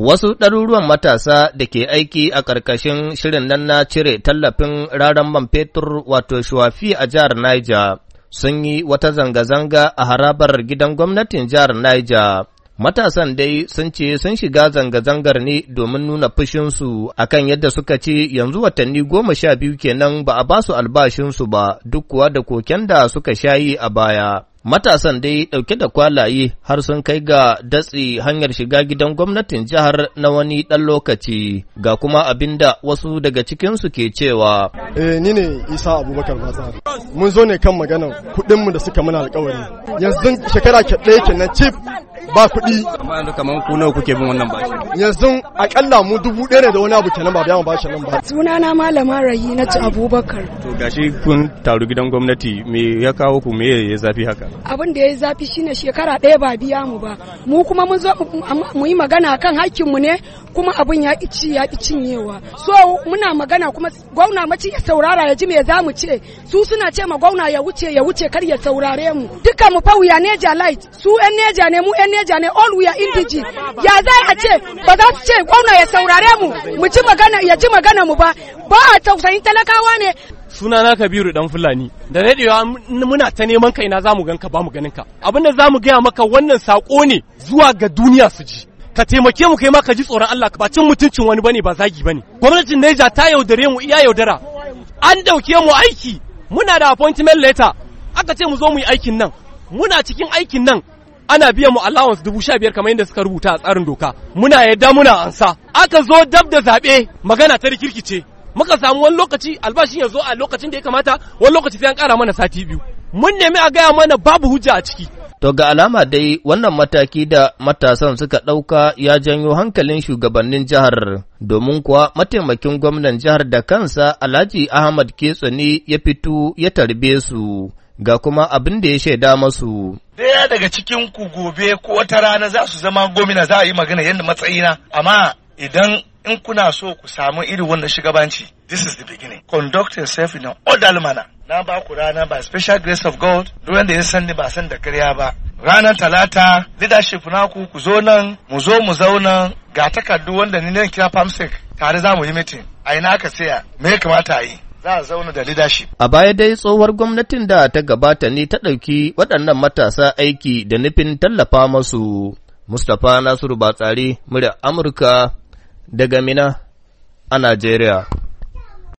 Wasu ɗaruruwan matasa da ke aiki a ƙarƙashin shirin nan na cire tallafin raran man fetur wato shuwafi a jihar Niger sun yi wata zanga-zanga a harabar gidan gwamnatin jihar Niger. Matasan dai sun ce sun shiga zanga-zangar ne domin nuna fushinsu a kan yadda suka ce yanzu watanni goma sha biyu kenan ba a basu albashinsu ba duk kuwa da koken da suka shayi a baya. Matasan dai ɗauke da kwalaye har sun kai ga datsi hanyar shiga gidan gwamnatin jihar na wani ɗan lokaci ga kuma abin da wasu daga cikinsu ke cewa. Eh ni ne Isa Abubakar Batsar. Mun zo ne kan maganan kuɗinmu da suka mana alƙawari. Yanzu shekara ke ɗaya na cif ba kuɗi. kamar ku nawa kuke bin wannan bashi? Yanzu akalla mu dubu ɗaya ne da wani abu kenan ba biyan bashi nan ba. na Malama ci Abubakar. To gashi kun taru gidan gwamnati me ya kawo ku me ya zafi haka? Abin da ya zafi shine shekara ɗaya ba biya mu ba. Mu kuma mun zo mu yi magana kan hakkin mu ne kuma abin ya ici ya cinyewa. So muna magana kuma gwauna mace ya saurara ya ji me za mu ce. Su suna ce ma gwauna ya wuce ya wuce kar ya saurare mu. Duka mu fa wuya ja Light su ne ja ne mu ne manaja ne all we are indigene ya zai a ce ba za su ce gwamna ya saurare mu mu ci magana ya ci magana mu ba ba a tausayin talakawa ne na kabiru dan fulani da radio muna ta neman kai na zamu ganka ba mu ganin ka abin da zamu gaya maka wannan sako ne zuwa ga duniya su ji ka taimake mu kai ma ka ji tsoron Allah ba cin mutuncin wani bane ba zagi bane gwamnatin Niger ta yaudare mu iya yaudara an dauke mu aiki muna da appointment letter aka ce mu zo mu yi aikin nan muna cikin aikin nan ana biyan mu allowance dubu sha biyar kamar yadda suka rubuta a tsarin doka muna yadda muna ansa aka zo dab da zaɓe magana ta rikirkice muka samu wani lokaci albashin ya zo a lokacin da ya kamata wani lokaci sai an kara mana sati biyu mun nemi a gaya mana babu hujja a ciki To ga alama dai wannan mataki da matasan suka ɗauka ya janyo hankalin shugabannin jihar, domin kuwa mataimakin gwamnan jihar da kansa Alhaji Ahmad Ketso ne ya fito ya tarbe su. ga kuma abin da ya shaida masu. Daya daga cikin ku gobe ko wata rana za su zama gomina za a yi magana yadda matsayina, amma idan in kuna so ku samu irin wannan shugabanci, this is the beginning. Conduct yourself in an orderly manner. Na ba ku rana ba special grace of God, duk wanda ya san ni ba san da karya ba. Ranar talata, leadership naku ku zo nan, mu zo mu zauna ga takardu wanda ni ne kira Famsek tare za mu yi meeting. A ina ka tsaya, me ya kamata a yi? za a zauna da leadership. A baya dai tsohuwar gwamnatin da ta gabata ne ta ɗauki waɗannan matasa aiki da nufin tallafa masu. Mustapha Nasiru Batsari, murya Amurka daga Mina a Najeriya.